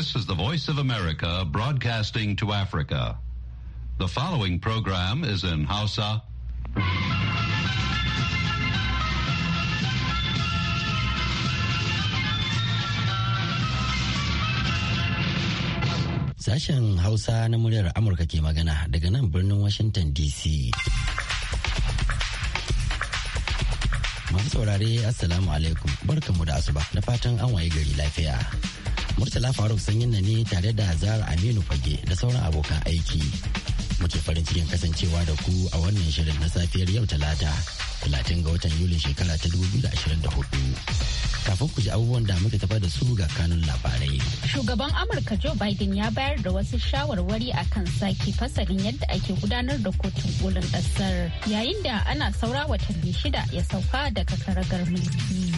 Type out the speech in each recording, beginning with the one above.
This is the Voice of America broadcasting to Africa. The following program is in Hausa. Sashen Hausa na muryar Amurka ke magana daga nan birnin Washington DC. Masu saurare, Assalamu alaikum, barkanmu da asuba, na fatan an waye gari lafiya. Murtala Faruk sanyin na ne tare da Zara Aminu Fage da sauran abokan aiki. Muke farin cikin kasancewa da ku a wannan shirin na safiyar yau Talata, talatin ga watan yuli shekara ta 2024. Kafin ku ji abubuwan da muka tafa da su ga kanun labarai. Shugaban Amurka Joe Biden ya bayar da wasu shawarwari a kan sake fasalin yadda ake gudanar da kotun kolin ƙasar yayin da ana saura watanni shida ya sauka daga karagar mulki.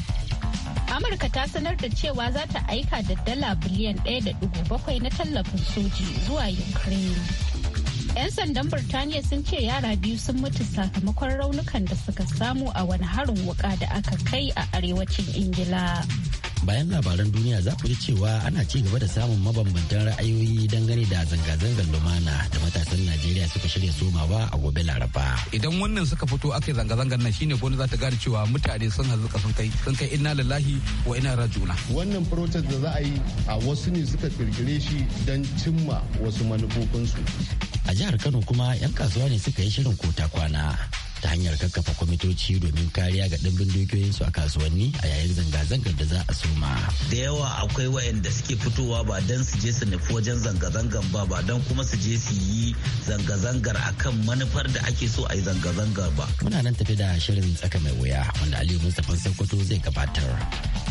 Amurka ta sanar da cewa za ta aika da dala biliyan 1.7 na tallafin soji zuwa Ukraine. 'Yan sandan Birtaniya sun ce yara biyu sun mutu sakamakon raunukan da suka samu a wani harin wuka da aka kai a arewacin Ingila. bayan labaran duniya za ku ji cewa ana ci gaba da samun mabambantan ra'ayoyi dangane da zanga-zangar lumana da matasan najeriya suka shirya somawa a gobe laraba idan wannan suka fito aka yi zanga-zangar nan shine gwani za ta gane cewa mutane sun hazuka sun kai sun kai inna lillahi wa inna rajuna wannan protest da za a yi a wasu ne suka kirkire shi don cimma wasu manufofinsu a jihar kano kuma 'yan kasuwa ne suka yi shirin kota kwana ta hanyar kakkafa kwamitoci domin kariya ga ɗimbin su a kasuwanni a yayin zanga-zangar da za a soma. Da yawa akwai wayanda suke fitowa ba don su je su nufi wajen zanga-zangar ba ba don kuma su je su yi zanga-zangar akan manufar da ake so a yi zanga-zangar ba. Muna nan tafi da shirin tsaka mai wuya wanda Aliyu Mustapha Sokoto zai gabatar.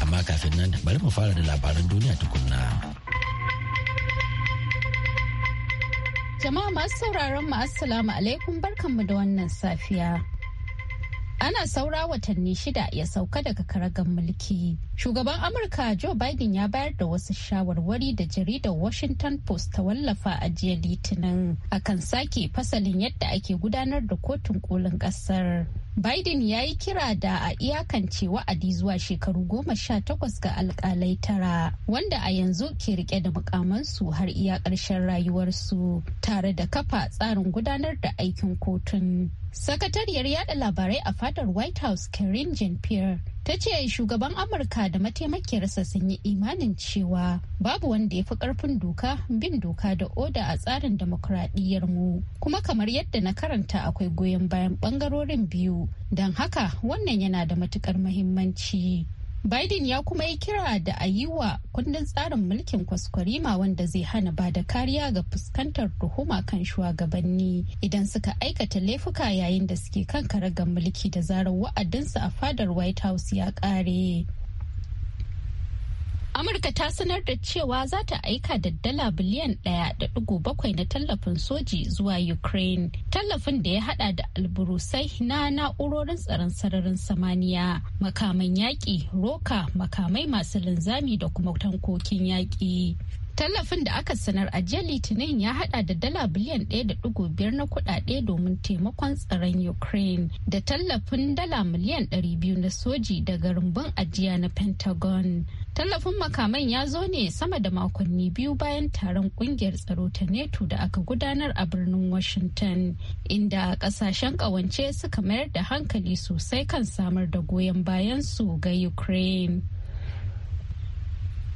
Amma kafin nan bari mu fara da labaran duniya tukunna. Jama'a masu sauraron mu assalamu alaikum barkanmu da wannan safiya. Ana saura watanni shida ya sauka daga karagar mulki. Shugaban Amurka Joe Biden ya bayar da wasu shawarwari da jaridar Washington Post ta wallafa a jiya Litinin akan sake fasalin yadda ake gudanar da kotun kolin kasar. Biden ya yi kira da a iyakance wa'adi zuwa shekaru goma sha takwas ga alkalai tara wanda a yanzu ke rike da mukamansu har iya ƙarshen rayuwarsu tare da kafa tsarin gudanar da aikin kotun. Sakatariyar yada labarai a fadar White House Karen Jean-Pierre ta ce shugaban amurka da mataimakiyarsa sun yi imanin cewa babu wanda ya fi karfin doka bin doka da oda a tsarin mu kuma kamar yadda na karanta akwai goyon bayan bangarorin biyu don haka wannan yana da matukar muhimmanci Biden ya kuma yi kira da a yi wa kundin tsarin mulkin kwaskwarima wanda zai hana ba da kariya ga fuskantar tuhuma kan shugabanni idan suka aikata laifuka yayin da suke kan karagar mulki da zarar wa'adinsu a fadar White House ya kare. Amurka ta sanar da cewa za ta aika da dala biliyan ɗaya da ɗigo bakwai na tallafin soji zuwa Ukraine. Tallafin da ya hada da alburusai na na'urorin tsaron sararin samaniya, makaman yaƙi, roka, makamai masu linzami da kuma tankokin yaƙi. Tallafin da aka sanar a jiya Litinin ya hada da dala biliyan da biyar na kudade domin taimakon tsaron Ukraine da tallafin dala miliyan biyu na soji daga rumbun ajiya na Pentagon. Tallafin makaman ya zo ne sama da makonni biyu bayan taron kungiyar tsaro ta NATO da aka gudanar a birnin Washington, inda kasashen ƙawance suka mayar da hankali sosai kan samar da goyon bayan su ga Ukraine.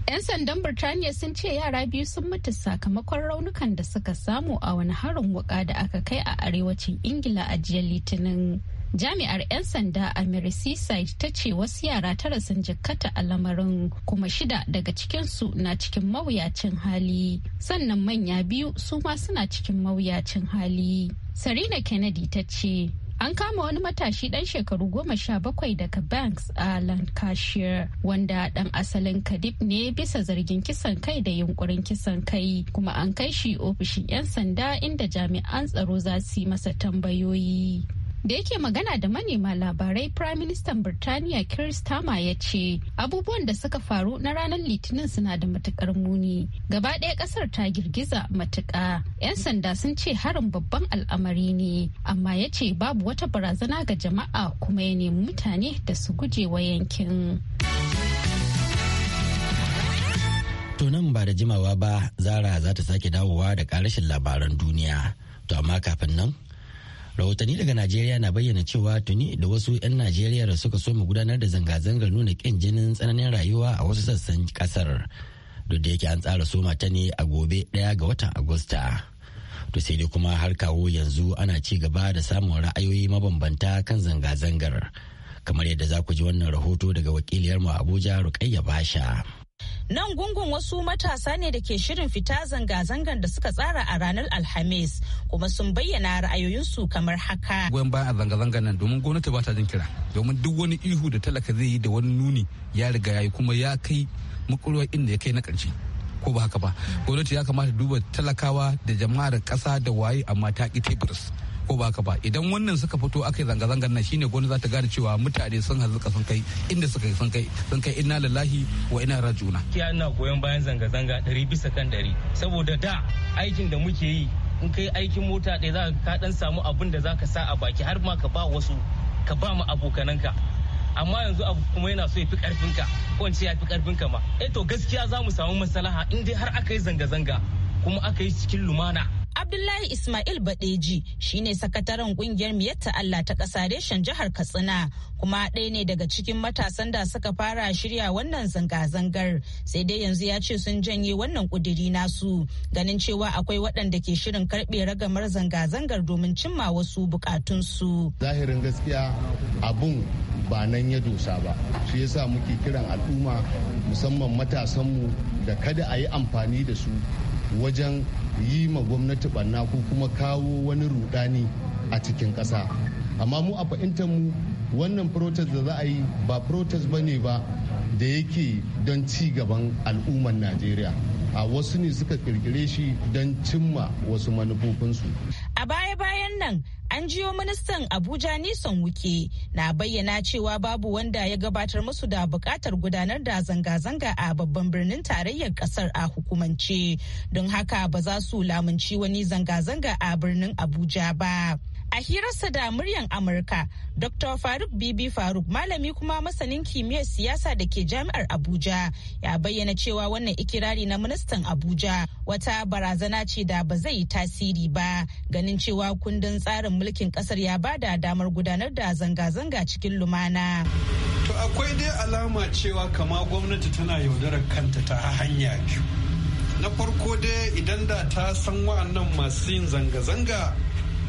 'Yan sandan Birtaniya sun ce yara biyu sun mutu sakamakon raunukan da suka samu a wani harin wuka da aka kai a arewacin Ingila a jiya Litinin. jami'ar 'yan sanda a merseyside ta ce wasu yara tara sun jikkata a lamarin kuma shida daga cikinsu na cikin mawuyacin hali sannan manya biyu su ma suna cikin mawuyacin hali sarina kennedy ta ce an kama wani matashi dan shekaru goma sha bakwai daga banks a lancashire wanda dan asalin kadib ne bisa zargin kisan kai da yunkurin kisan kai kuma an kai shi ofishin 'yan sanda inda jami'an tsaro za su yi masa tambayoyi da yake magana da manema labarai prime minister birtaniya Keir Starmer ya ce abubuwan da suka faru na ranar litinin suna da matukar muni gaba ɗaya ƙasar ta girgiza matuƙa 'yan sanda sun ce harin babban al'amari ne amma ya ce babu wata barazana ga jama'a kuma ya nemi mutane da su guje wa yankin. tunan ba da jimawa ba zara za ta sake dawowa da karashin labaran duniya. To amma kafin nan rahotanni daga najeriya na bayyana cewa tuni da wasu 'yan najeriya da suka so mu gudanar da zanga-zangar nuna kin jinin tsananin rayuwa a wasu sassan kasar duk da yake an tsara soma ta ne a gobe ɗaya ga watan agusta to sai dai kuma har kawo yanzu ana ci gaba da samun ra'ayoyi mabambanta kan zanga-zangar kamar yadda za ku ji wannan rahoto daga wakiliyar wakiliyarmu abuja rukayya basha Nan gungun wasu matasa ne da ke shirin fita zanga-zangar da suka tsara a ranar Alhamis kuma sun bayyana ra'ayoyinsu kamar haka. Goyon bayan a zanga-zangar nan domin gwamnati ba ta jin kira domin duk wani ihu da talaka zai yi da wani nuni ya riga ya yi kuma ya kai makulwar inda ya kai na ƙarshe. ko ba haka ba gwamnati ya kamata duba talakawa da jama'ar kasa da waye amma ta ƙi teburis ko ba ba idan wannan suka fito aka yi zanga-zangar nan shine gwamnati za ta gane cewa mutane sun hazuka sun kai inda suka sun kai sun kai inna lillahi wa inna rajuna kiya ina goyon bayan zanga-zanga ɗari bisa kan ɗari saboda da aikin da muke yi in kai aikin mota ɗaya za ka dan samu abin da za sa a baki har ma ka ba wasu ka ba mu abokananka amma yanzu abu kuma yana so ya fi karfinka ko ya fi karfinka ma eh to gaskiya za mu samu maslaha in dai har aka yi zanga-zanga kuma aka yi cikin lumana Abdullahi Ismail Badeji shine sakataren kungiyar Miyatta Allah ta kasa reshen jihar Katsina kuma ɗaya ne daga cikin matasan da suka fara shirya wannan zanga-zangar sai dai yanzu ya ce sun janye wannan ƙudiri nasu ganin cewa akwai waɗanda ke shirin karɓe ragamar zanga-zangar domin cimma wasu bukatun su. Zahirin gaskiya abun ba nan ya dosa ba shi yasa muke kiran al'umma musamman matasanmu da kada a yi amfani da su wajen yi ma gwamnati barna ko kuma kawo wani rudani a cikin ƙasa amma mu a fahimtar mu wannan protest da za a yi ba protest ba ne ba da yake don ci gaban al'ummar najeriya a wasu ne suka kirkire shi don cimma wasu manufofinsu a baya-bayan nan An jiyo ministan Abuja Nisan Wuke na bayyana cewa babu wanda ya gabatar musu da bukatar gudanar da zanga-zanga a babban birnin tarayyar kasar a hukumance. Don haka ba za su lamunci wani zanga-zanga a birnin Abuja ba. A hirarsa da muryan Amurka, Dr. Faruk Bibi Faruk malami kuma masanin kimiyyar siyasa da ke jami'ar Abuja ya bayyana cewa wannan ikirari na ministan Abuja wata barazana ce da ba zai tasiri ba ganin cewa kundin tsarin mulkin kasar ya ba da damar gudanar da zanga-zanga cikin lumana. To akwai dai alama cewa kama gwamnati tana yaudarar kanta ta hanya biyu. Na farko dai idan da ta san wa'annan masu yin zanga-zanga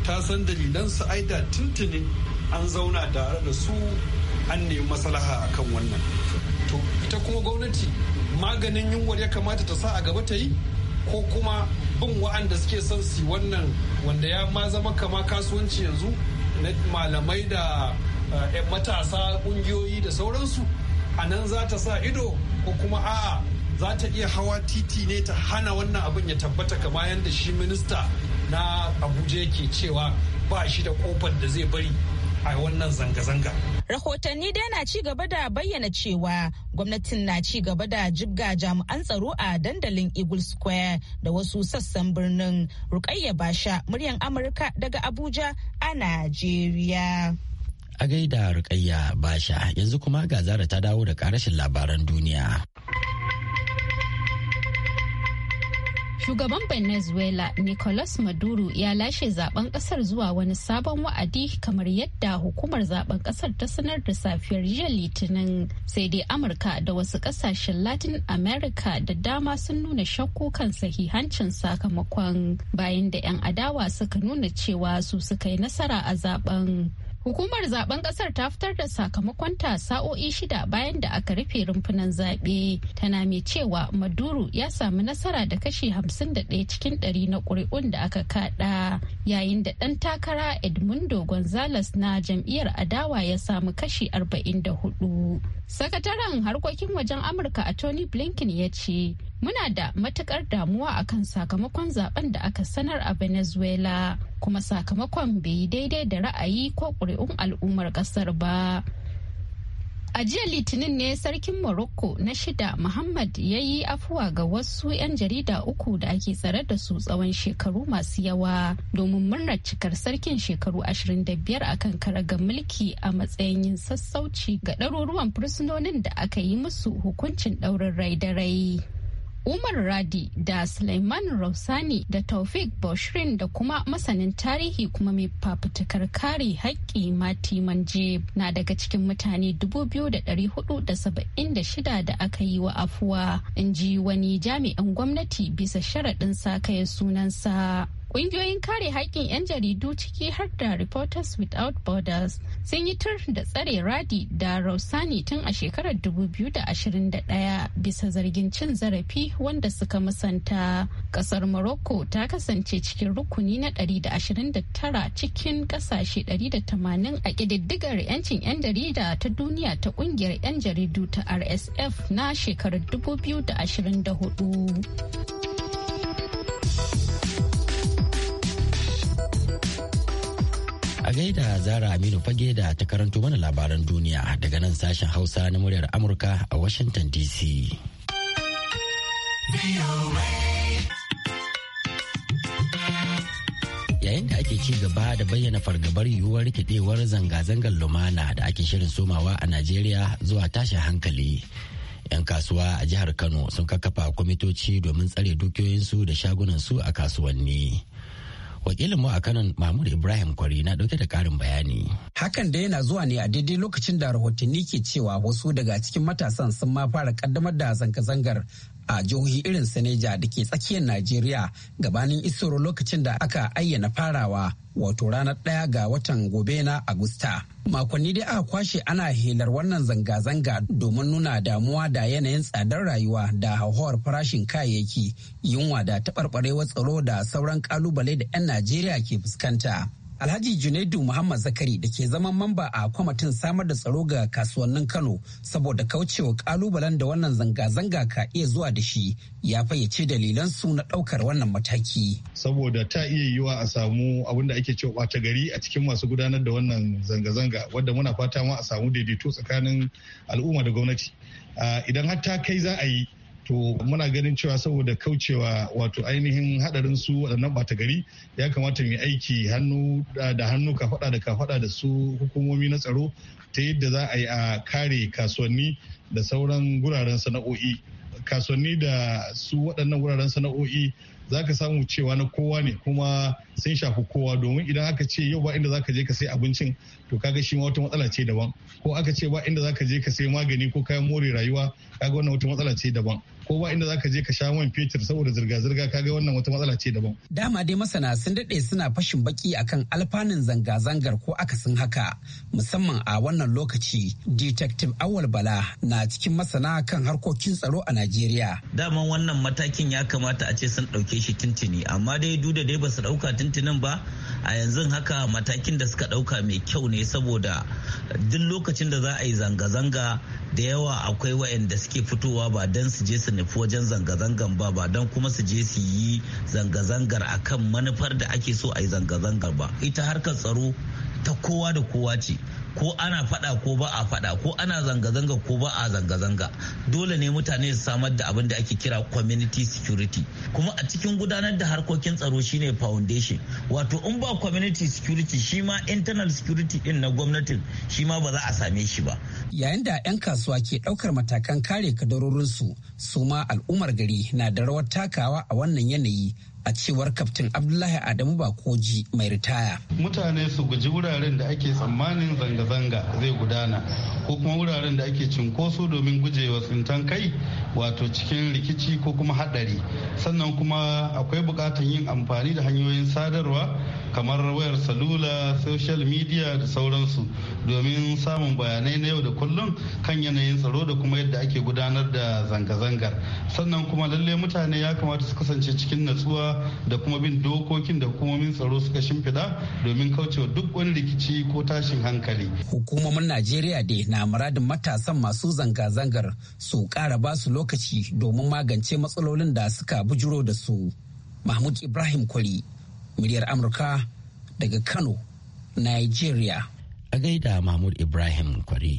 ta san dalilan su aida tuntuni an zauna tare da su an nemi maslaha akan wannan to ita kuma gwamnati maganin yunwar ya kamata ta sa a gaba ta yi ko kuma bin wa'anda suke son su wannan wanda ya ma zama kama kasuwanci yanzu na malamai da eh, matasa kungiyoyi da sauransu a nan za ta sa ido ko kuma a'a za ta iya hawa titi ne ta hana wannan abin ya tabbata kama yadda shi minista na abuja yake cewa ba shi da kofar da zai bari a wannan zanga-zanga. Rahotanni dai na ci gaba da bayyana cewa gwamnatin na ci gaba da jibga jami'an tsaro a dandalin Eagle Square da wasu sassan birnin Rukayya Basha muryan Amurka daga Abuja a Najeriya. A gaida Rukayya Basha yanzu kuma ga zara ta dawo da karashin labaran duniya. Shugaban Venezuela Nicolas Maduro ya lashe zaben kasar zuwa wani sabon wa'adi kamar yadda hukumar zaben kasar ta sanar da safiyar jiya Litinin. Sai dai Amurka da wasu kasashen Latin America da dama sun nuna shakku kan sahihancin sakamakon bayan da 'yan adawa suka nuna cewa su suka yi nasara a zaben. Hukumar zaben kasar ta fitar da sakamakon ta sa'o'i shida bayan da aka rufe rumfunan zaɓe. Tana mai cewa Maduro ya samu nasara da kashi 51 cikin 100 na ƙuri'un da aka kaɗa yayin da ɗan takara Edmundo Gonzalez na jam'iyyar adawa ya samu kashi 44. Sakataren harkokin wajen Amurka a Tony Blinken ya ce muna da matukar damuwa akan sakamakon zaben da aka sanar a venezuela kuma sakamakon bai yi daidai da ra'ayi ko ƙuri'un al'ummar ƙasar ba a jiya litinin ne sarkin morocco na shida muhammad ya yi afuwa ga wasu 'yan jarida uku da ake tsare da su tsawon shekaru masu yawa domin murnar cikar sarkin shekaru 25 akan karagar mulki a matsayin yin sassauci ga ɗaruruwan fursunonin da aka yi musu hukuncin ɗaurin rai da rai Umar Radi da Sulaiman Rausani da Taufik Boshrin da kuma masanin tarihi kuma mai fafutukar kare haƙƙi Mati Manje na daga cikin mutane 2,476 da aka yi wa afuwa in ji wani jami'an gwamnati bisa sharaɗin sa kai sunansa. Ƙungiyoyin kare haƙƙin 'yan jaridu ciki har da Reporters Without Borders sun yi tur da tsare radi da rausani tun a shekarar 2021 bisa zargin cin zarafi wanda suka musanta kasar morocco ta kasance cikin rukuni na 129 cikin kasashe 180 a ƙididdigar 'yancin 'yan jarida ta duniya ta ƙungiyar 'yan jaridu ta rsf na shekarar 2024 gaida Zara Aminu Fage da ta karanto mana labaran duniya daga nan sashen Hausa na muryar Amurka a Washington DC. Yayin da ake ci gaba da bayyana fargabar yiwuwar rikidewar zanga-zangar lumana da ake shirin somawa a Najeriya zuwa tashin hankali. 'Yan kasuwa a jihar Kano sun kakkafa kwamitoci domin tsare dukiyoyinsu da shagunansu a kasuwanni. wakilin mu a kanan mahmud ibrahim kwari na dauke da karin bayani hakan da yana zuwa ne a daidai lokacin da rahotanni ke cewa wasu daga cikin matasan sun ma fara kaddamar da zanga-zangar a jihohi irin su da ke tsakiyar Najeriya gabanin isoro lokacin da aka ayyana farawa wato ranar ɗaya ga watan gobe na Agusta. Makonni dai aka kwashe ana helar wannan zanga-zanga domin nuna damuwa da yanayin tsadar rayuwa da hauhawar farashin kayayyaki, yunwa da taɓarɓarewar tsaro da sauran ƙalubale da 'yan Najeriya ke fuskanta. Alhaji Junaidu Muhammad Zakari da ke zaman mamba a kwamitin samar da tsaro ga kasuwannin Kano saboda kaucewa kalubalen da wannan zanga-zanga ka iya zuwa da shi ya fayyace dalilan su na daukar wannan mataki. Saboda ta iya wa a samu abin da ake cewa ɓata gari a cikin masu gudanar da wannan zanga-zanga wadda muna fata ma a samu daidaito tsakanin al'umma da gwamnati. Ah, idan har ta kai za a yi to muna ganin cewa saboda kaucewa wato ainihin hadarin su waɗannan ɓata gari ya kamata mu aiki hannu ah, da hannu kafaɗa da kafaɗa da su hukumomi na tsaro ta yadda za a yi a kare kasuwanni da sauran guraren sana'o'i kasuwanni da su waɗannan guraren sana'o'i za ka samu cewa na kowa ne kuma sun shafi kowa domin idan aka ce yau ba inda za ka je ka sai abincin to kaga shi ma wata matsala ce daban ko aka ce ba inda za ka je ka sai magani ko kayan more rayuwa kaga wannan wata matsala ce daban ko ba inda zaka je ka sha man fetur saboda zirga-zirga ga wannan wata matsala ce daban. Dama dai masana sun daɗe suna fashin baki akan alfanun zanga-zangar ko akasin haka musamman a wannan lokaci detective Awal Bala na cikin masana kan harkokin tsaro a Najeriya. dama wannan matakin ya kamata a ce sun ɗauke shi tintini amma dai duda dai ba su ɗauka tintinin ba a yanzu haka matakin da suka ɗauka mai kyau ne saboda duk lokacin da za a yi zanga-zanga da yawa akwai waɗanda suke fitowa ba don su je su nufi wajen zanga-zangan ba ba don kuma su je su yi zanga-zangar akan manufar da ake so a yi zanga-zangar ba ita harkar tsaro ta kowa da kowa ce ko ana fada ko ba a fada ko ana zanga-zanga ko ba a zanga-zanga dole ne mutane su samar da abin da ake kira community security kuma a cikin gudanar da harkokin tsaro shine foundation wato in ba community security shi ma internal security din na gwamnatin shi ma ba za a same shi ba yayin da 'yan kasuwa ke daukar matakan kare kadarorinsu su kuma al'ummar gari na da rawar takawa a wannan yanayi a cewar kaftin abdullahi adamu bakoji mai ritaya mutane su guji wuraren da ake tsammanin zanga-zanga zai gudana ko kuma wuraren da ake cinkoso domin gujewa tsintan kai wato cikin rikici ko kuma hadari sannan kuma akwai bukatar yin amfani da hanyoyin sadarwa kamar wayar salula social media da sauransu domin samun bayanai na yau da kullum kan yanayin tsaro da kuma yadda ake gudanar da zanga-zangar sannan kuma lalle mutane ya kamata su kasance cikin natsuwa da kuma bin dokokin da hukumomin tsaro suka shimfiɗa domin kaucewa duk wani rikici ko tashin hankali. Hukumomin Najeriya dai na muradin matasan masu zanga-zangar su ƙara ba su lokaci domin magance matsalolin da suka bujuro da su. Mahmud Ibrahim Kwari, muryar Amurka daga Kano, Nigeria. A gaida Mahmud Ibrahim Kwari.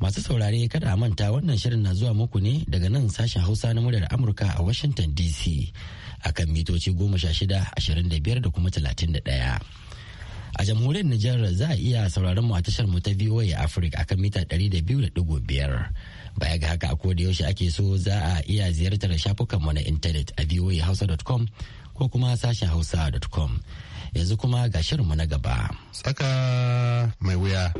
Masu saurare kada a manta wannan shirin na zuwa muku ne daga nan sashen Hausa na muryar Amurka a Washington DC. akan mitoci goma sha shida ashirin da kuma talatin da ɗaya. A jamhuriyar Nijar za a iya sauraron mu a tashar mu ta VOA Africa akan mita ɗari da biyu da Baya ga haka a koda yaushe ake so za a iya ziyartar shafukan mu na intanet a voahausa.com ko kuma sashen hausa.com. Yanzu kuma ga shirinmu na gaba. Tsaka mai wuya.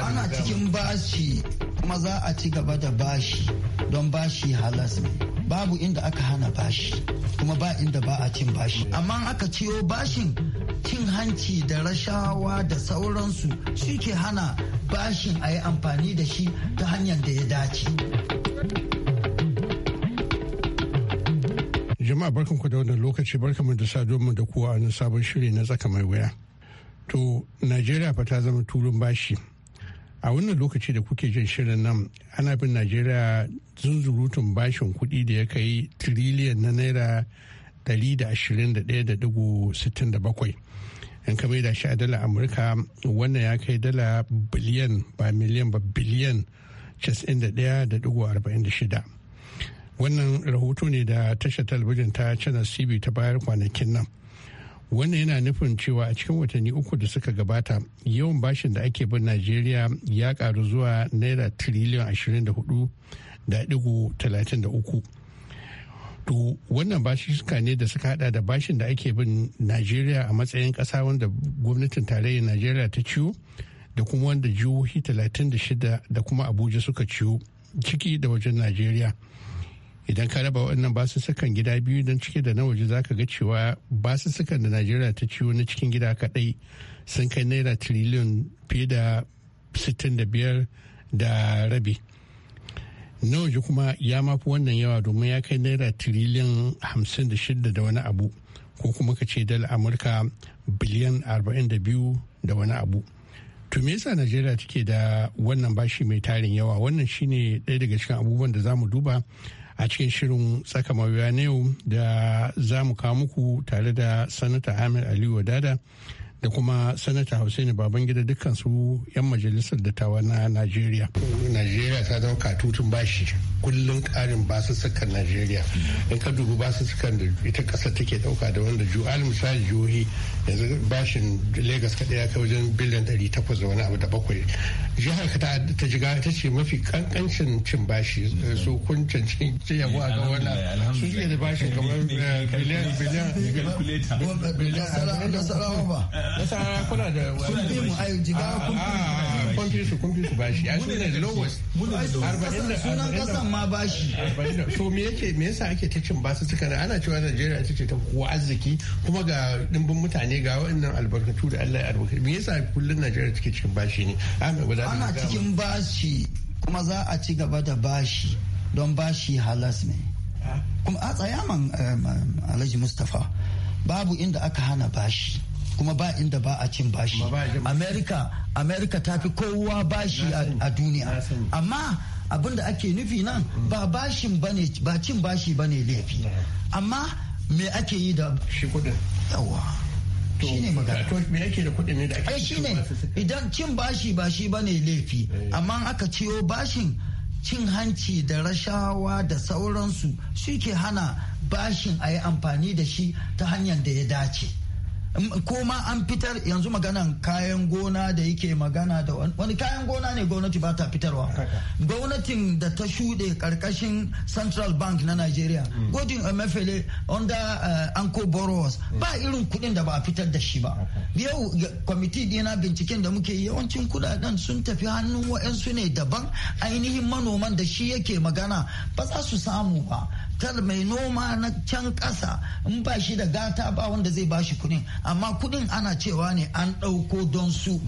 Ana cikin bashi kuma za a ci gaba da bashi don bashi halas ne babu inda aka hana bashi kuma ba inda ba a cin bashi amma aka ciyo bashin cin hanci da rashawa da sauransu suke hana bashin a yi amfani da shi ta hanyar da ya dace jama'a barkanku da wannan lokaci barkanmu da mu da kowa a sabon shiri na tsaka mai waya to najeriya fa ta zama tulun bashi a wannan lokaci da kuke jin shirin nan ana bin najeriya zunzurutun bashin kuɗi da ya kai tiriliyan na naira 121.67 in kamar da shi a dala amurka wannan ya kai dala biliyan ba miliyan ba biliyan 91.46 wannan rahoto ne da tashar talabijin ta cana cb ta bayar kwanakin nan wannan yana nufin cewa a cikin watanni uku da suka gabata yawan bashin da ake bin najeriya ya karu zuwa naira tiriliyan 24.33 da to wannan bashi suka ne da suka hada da bashin da ake bin najeriya a matsayin kasa wanda gwamnatin tarayyar najeriya ta ciwo da kuma wanda jihohi 36 da kuma abuja suka ciwo ciki da wajen najeriya idan ka raba waɗannan basussukan gida biyu don cike da na waje za ka ga cewa basussukan da najeriya ta ciwo na cikin gida kaɗai sun kai naira tiriliyon fiye da 65 da rabi na waje kuma ya mafi wannan yawa domin ya kai naira tiriliyon 56 da wani abu ko kuma ka ce dala amurka biliyan 42 da wani abu to me yasa najeriya take da wannan bashi mai tarin yawa wannan shine ɗaya daga cikin abubuwan da za mu duba a cikin shirin tsaka mawuya na yau da za mu kawo muku tare da sanata ahmed aliyu wadada da kuma sanata hussaini babangida dukkan su 'yan majalisar dattawa na najeriya najeriya ta zama katutun bashi kullum karin basussukan najeriya in ka dubi basussukan da ita kasa take ɗauka da wanda ju'al misali jihohi yanzu bashin Legas kaɗai ya kai wajen biliyan ɗari takwas da wani abu da bakwai jihar ka ta jiga ta ce mafi ƙanƙancin cin bashi So kun canci yabo a ga wannan su ke da bashin kamar eh, biliyan biliyan biliyan nasarawa ba nasarawa kuna da ah, ah, ah, Kun fi mu ayo jiga kun fi su kun fi su bashi a su ne lowest arba'in da sunan kasan ma bashi so me yake me yasa ake ta cin basu suka ana cewa Najeriya ita ce ta kowa arziki kuma ga dimbin mutane ga wa'annan albarkatu da Allah ya albarkatu me yasa kullun Najeriya take cikin bashi ne ana cikin bashi kuma za a ci gaba da bashi don bashi halas ne kuma a tsayaman eh, Alhaji Mustapha babu inda aka hana bashi kuma ba inda ba a cin bashi amerika ta fi kowa bashi a duniya amma abin da ake nufi nan ba bashin bane ba cin bashi bane laifi amma me ake yi da shi kudin yawa shi to me da ne da ake eh, idan cin bashi ba shi bane laifi eh. amma aka ciyo bashin cin hanci da rashawa da sauransu shi ke hana bashin a yi amfani da shi ta hanyar da ya dace ko ma an fitar yanzu maganan kayan gona da yake magana da wani kayan gona ne gwamnati ba ta fitarwa gwamnatin da ta shuɗe karkashin central bank na nigeria mm. godin emefele under anko eh, borrowers mm. ba irin kuɗin da ba a fitar da shi ba yau kwamiti dina binciken da muke yawancin kuɗaɗen sun tafi hannun wa'yansu ne daban ainihin manoman da shi yake magana ba za su samu ba tar mai noma na can ƙasa in ba shi da gata ba wanda zai bashi kuɗin amma kuɗin ana cewa ne an ɗauko don su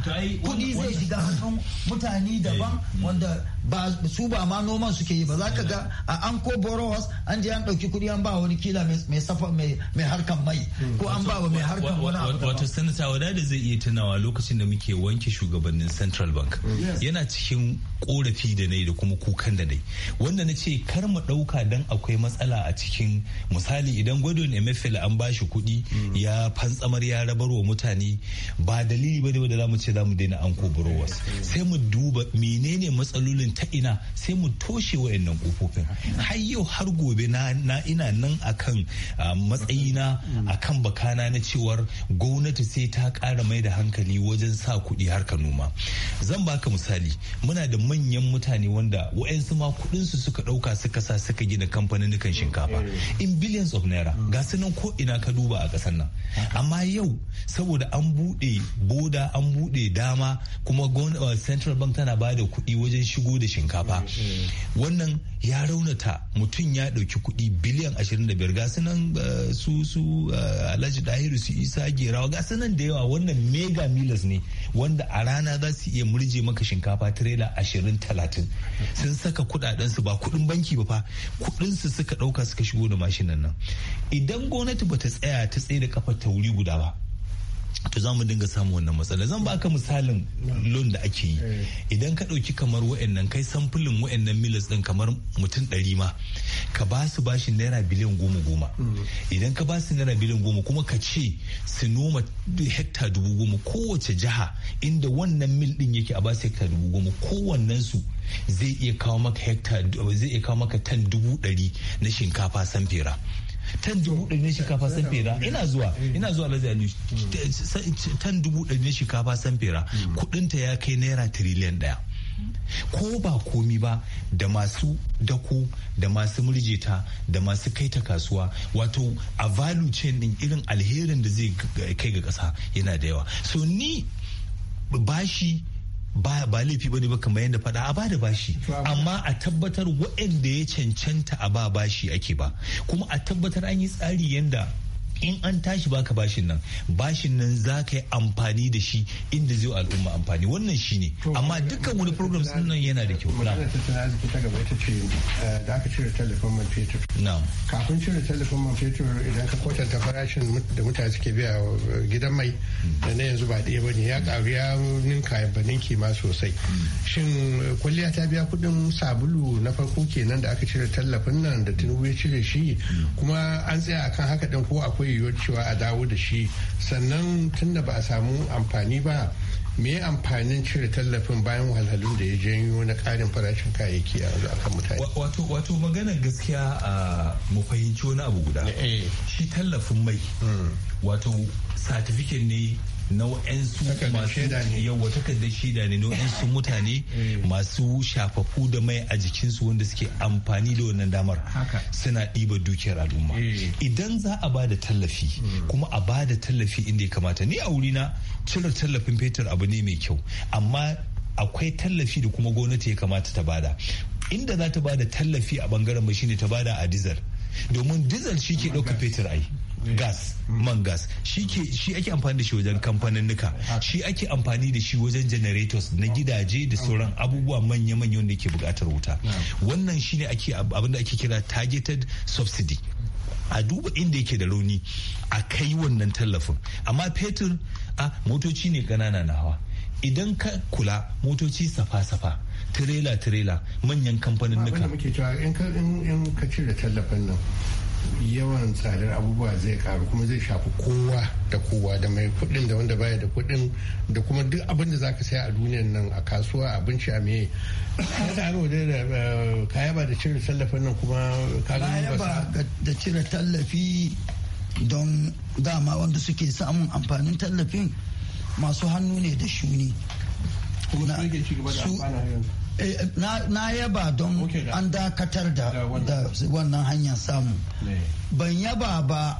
kuɗi zai shiga hannun mutane daban eh. wanda ba su ba ma noman suke yi ba za ka ga a an ko borowas an je an ɗauki kuɗi an ba wani kila mai safa mai harkan mai hmm. ko an ba wa mai harkan wani abu wato sanata wada da zai iya tunawa lokacin da muke wanke shugabannin central bank yana cikin korafi da nai da kuma kukan da nai wanda na ce kar mu ɗauka dan akwai matsala a cikin misali idan gwadon mfl an ba shi kuɗi hmm. ya fantsamar ya rabar wa mutane ba dalili ba da za mu ce za mu daina an ko borowas hmm. sai mu duba menene matsalolin ta ina sai mu toshe wayannan kofofin har yau har gobe na ina nan akan matsayina akan bakana na cewar gwamnati sai ta kara mai da hankali wajen sa kuɗi harkar noma zan baka misali muna da manyan mutane wanda wa'yansu ma kuɗin su suka ɗauka suka sa suka gina kamfanin shinkafa in billions of naira ga nan ko ina ka duba a ƙasar nan amma yau saboda an buɗe boda an buɗe dama kuma central bank tana bada kuɗi wajen shigo da shinkafa wannan ya raunata mutum ya ɗauki kuɗi biliyan 25 ga sunan eh, su su eh, alhaji dahiru su isa gerawa ga sunan da yawa wannan mega milas ne wanda a rana za su iya murje maka shinkafa tirela ashirin talatin. sun saka kuɗaɗen su ba kuɗin banki ba fa kuɗin su suka ɗauka suka shigo da mashinan nan idan gwamnati ba ta tsaya ta tsaye da kafa ta wuri guda ba to za mu dinga samun wannan matsala zan baka misalin loan da ake yi eh. idan ka ɗauki kamar wa'annan kai samfulin wa'annan milas ɗin kamar mutum ɗari ma ka ba su bashi naira biliyan goma goma mm. idan ka ba su naira biliyan goma kuma ka ce su noma hekta dubu goma kowace jiha inda wannan mil ɗin yake a ba su hekta dubu goma su zai iya kawo maka hekta zai iya kawo maka tan dubu ɗari na shinkafa samfera tan dubu ɗari na shinkafa san fera ina zuwa ina zuwa alhaji tan dubu ɗari na shinkafa san fera kuɗinta ya kai naira tiriliyan ɗaya ko ba komi ba da masu dako da masu murjeta da masu kaita kasuwa wato a value chain din irin alherin da zai kai ga ƙasa yana da yawa so ni bashi ba ba laifi ne ba kamar yadda faɗa a ba da bashi amma a tabbatar waɗanda ya cancanta a ba bashi ake ba kuma a tabbatar an yi tsari yadda in an tashi baka bashin nan bashin nan za ka yi amfani da shi inda zai al'umma amfani wannan shi ne amma dukkan wani program sun nan yana da kyau na eh, da aka cire tallafin fetur kafin cire telefon man fetur idan ka kwatanta farashin da mutane suke biya eh, gidan mai da na yanzu ba ɗaya ba ne ya ƙaru ya ninka ya ninki ma sosai shin eh, kwalliya ta biya kuɗin sabulu na farko kenan da aka cire tallafin nan da tinubu ya cire shi kuma an tsaya akan haka ɗin ko akwai yiwuwar cewa a dawo da shi sannan tunda ba a samu amfani ba me amfanin cire tallafin bayan wahalhalun da ya janyo na karin farashin kayayyaki a yanzu akan mutane wato maganar gaskiya a mu fahimci wani abu guda eh. shi tallafin mai hmm. wato certificate ne na wa'yansu masu yawa takardar shida ne na wa'yansu mutane eh. masu shafafu da mai a jikinsu wanda suke amfani da wannan damar suna ɗiba dukiyar al'umma eh. idan za a bada tallafi hmm. kuma a bada tallafi inda ya kamata ni a na cire tallafin fetur abu ne mai kyau amma akwai tallafi da kuma gwamnati ya kamata ta bada inda za ta bada tallafi a bangaren mai shine ta bada a dizal domin dizal shi ke ɗauka fetur ai gas man gas shi ake amfani da shi wajen kamfanin nuka shi ake amfani da shi wajen generators na gidaje da sauran abubuwa manya-manya wanda ke bukatar wuta wannan shi ake abinda ake kira targeted subsidy a duba inda yake da rauni a kai wannan tallafin amma fetur a motoci ne kanana na hawa idan ka kula motoci safa-safa tirela-tirela manyan kamfanin nuka. in ka cire tallafin nan yawan tsadar abubuwa zai karu kuma zai shafi kowa da kowa da mai kuɗin da wanda baya da kuɗin da kuma duk abin da zaka saya a duniyan nan a kasuwa abinci a meye karo da eh, kaya ba da cire tallafin nan kuma kaya ba da cire tallafi don dama wanda suke samun amfanin tallafin masu hannu ne da shuni Eh, eh, na yaba don an dakatar da wannan hanyar samu ban yaba ba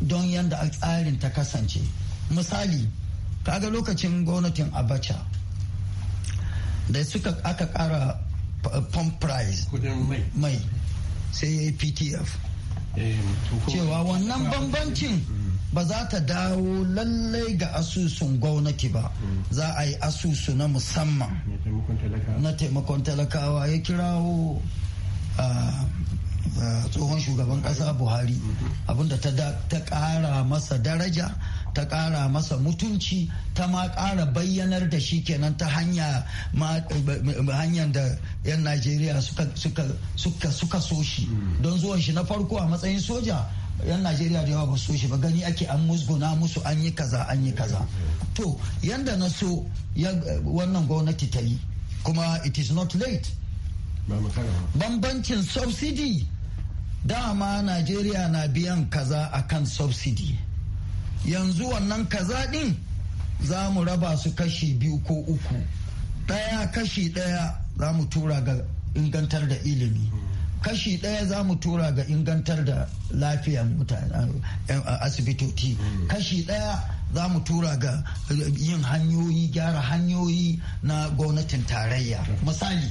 don yadda tsarin ta kasance misali kaga lokacin gwamnatin abacha da suka aka kara eh, pump price mai sai ya yi ptf cewa wannan bambancin ba za ta dawo lallai ga asusun gwamnati ba za a yi asusu na musamman na taimakon talakawa ya kirawo tsohon shugaban kasa buhari abinda ta kara masa daraja ta kara masa mutunci ta ma kara bayyanar da shi kenan ta hanyar da 'yan najeriya suka so shi hmm. don zuwan shi na farko a matsayin soja yan najeriya da yawa ba so shi ba gani ake an musguna musu an yi kaza an yi kaza to yanda na so wannan gwamnati ta yi kuma it is not late bambancin subsidy dama najeriya na biyan kaza akan subsidy yanzu wannan kaza din za mu raba su kashi biyu ko uku daya kashi daya za mu tura ga ingantar da ilimi kashi ɗaya za mu tura ga ingantar da lafiyar mutane asibitoci kashi ɗaya za mu tura ga yin hanyoyi gyara hanyoyi na gwamnatin tarayya misali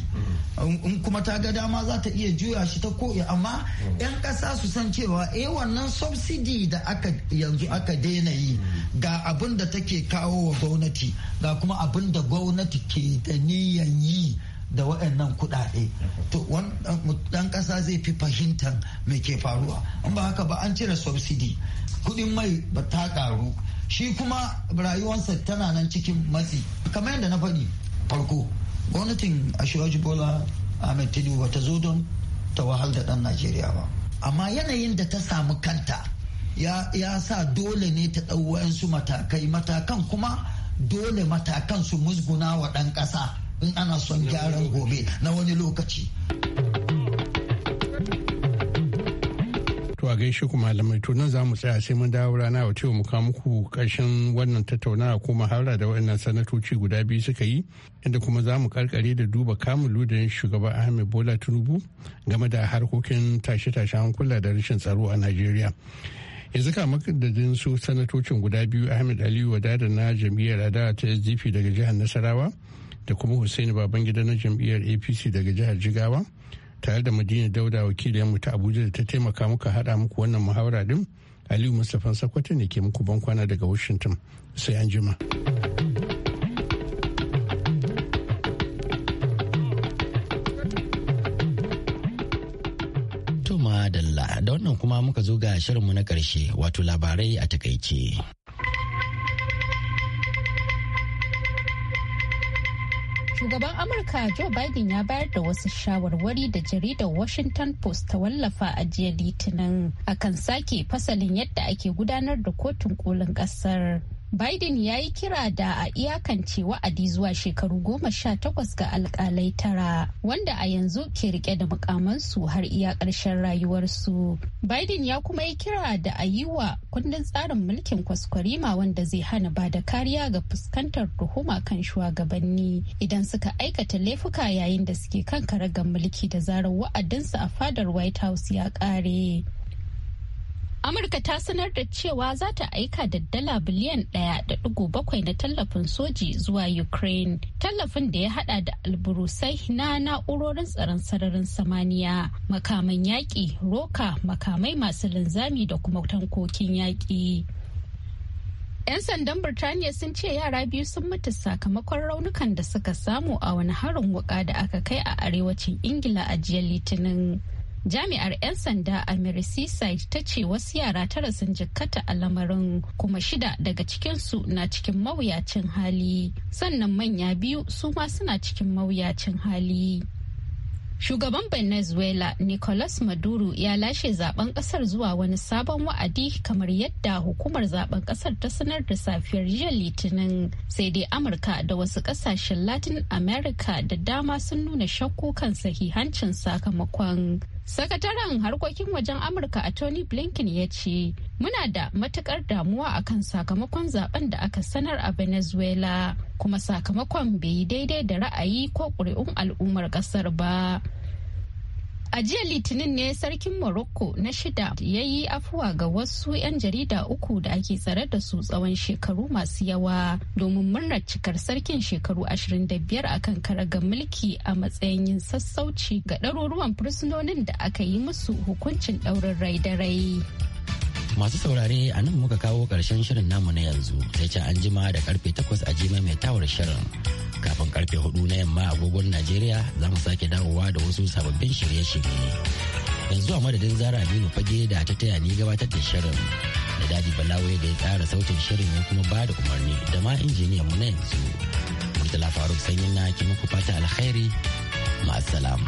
in kuma ta ga dama za ta iya juya shi ta koya amma 'yan ƙasa su san cewa eh wannan subsidi da aka yanzu aka daina yi ga abin da take kawo wa gwamnati ga kuma abin da gwamnati ke da niyan yi da waɗannan kuɗaɗe to ɗan ƙasa zai fi fahimtar me ke faruwa in ba haka ba an cire subsidi kuɗin mai ba ta ƙaru shi kuma rayuwarsa tana nan cikin matsi kamar yadda na faɗi farko gwamnatin ashiwaji bola ahmed tinubu ba ta zo don ta wahal da ɗan najeriya ba amma yanayin da ta samu kanta ya sa dole ne ta ɗau wayansu matakai matakan kuma dole matakan su musguna wa ɗan ƙasa in ana son gyaran gobe na wani lokaci. To a gaishe ku malamai to nan za mu tsaya sai mun dawo rana wa cewa mu kawo muku ƙarshen wannan tattaunawa ko muhawara da waɗannan sanatoci guda biyu suka yi inda kuma za mu karkare da duba kamun ludin shugaba Ahmed Bola Tinubu game da harkokin tashe-tashen hankula da rashin tsaro a Najeriya. yanzu ka makadadin su sanatocin guda biyu ahmed aliyu wadada na jam'iyyar adawa ta sdp daga jihar nasarawa da kuma Hussaini Babangida na jam'iyyar APC daga jihar Jigawa tare da Madina Dauda mu ta Abuja da ta taimaka muka haɗa muku wannan muhawara din Aliyu Mustapha Sakwata ne ke muku bankwana daga Washington sai an jima. da wannan kuma muka zo ga shirinmu na ƙarshe wato labarai a takaice. shugaban amurka joe biden ya bayar da wasu shawarwari da jaridar washington post ta wallafa a jiya litinin akan sake fasalin yadda ake gudanar da kotun kolin kasar Biden ya yi kira da a iyakance wa'adi zuwa shekaru goma sha takwas ga alkalai tara wanda a yanzu ke rike da mukamansu har iya ƙarshen rayuwarsu. Biden ya kuma yi kira da a yi wa kundin tsarin mulkin kwaskwarima wanda zai hana ba da kariya ga fuskantar tuhuma kan shugabanni idan suka aikata laifuka yayin da suke kan karagar mulki da zarar wa'adinsu a fadar White House ya ƙare. Amurka ta sanar da cewa za ta aika da dala biliyan ɗaya da ɗigo bakwai na tallafin soji zuwa Ukraine. Tallafin da ya hada da alburusai na na'urorin tsaron sararin samaniya, makaman yaƙi, roka, makamai masu linzami da kuma tankokin yaƙi. 'Yan sandan Birtaniya sun ce yara biyu sun mutu sakamakon raunukan da suka samu a wani harin wuka da aka kai a arewacin Ingila a jiya Litinin. jami'ar 'yan sanda a merseyside ta ce wasu yara tara sun jikkata a lamarin kuma shida daga cikinsu na cikin mawuyacin hali sannan manya biyu su ma suna cikin mawuyacin hali Shugaban Venezuela Nicolas Maduro ya lashe zaben kasar zuwa wani sabon wa'adi kamar yadda hukumar zaben kasar ta sanar da safiyar jiya Litinin. Sai dai Amurka da wasu kasashen Latin America da dama sun nuna shakku kan sahihancin sakamakon. Sakataren harkokin wajen Amurka a Tony Blinken ya ce, Muna da matukar damuwa akan sakamakon zaben da aka sanar a Venezuela, kuma sakamakon bai daidai da ra'ayi ko ƙuri'un al'ummar ƙasar ba. A jiya Litinin ne sarkin Morocco na shida ya yi afuwa ga wasu 'yan jarida uku da ake tsare da su tsawon shekaru masu yawa domin murnar cikar sarkin shekaru 25 akan karagar mulki a matsayin yin sassauci ga ɗaruruwan fursunonin da aka yi musu hukuncin ɗaurin rai da rai. Masu saurare a nan muka kawo ƙarshen shirin namu na yanzu sai can an jima da karfe 8 a jima mai tawar shirin. kafin karfe hudu na yamma agogon najeriya za mu sake dawowa da wasu sababbin shirye-shirye yanzu a madadin zara aminu fage da ta taya ni gabatar da shirin da dadi balawai da ya kara sautin shirin ya kuma ba da umarni da ma injiniyan mu na yanzu murtala faruk sanyin na ki muku fata alkhairi ma'asalam.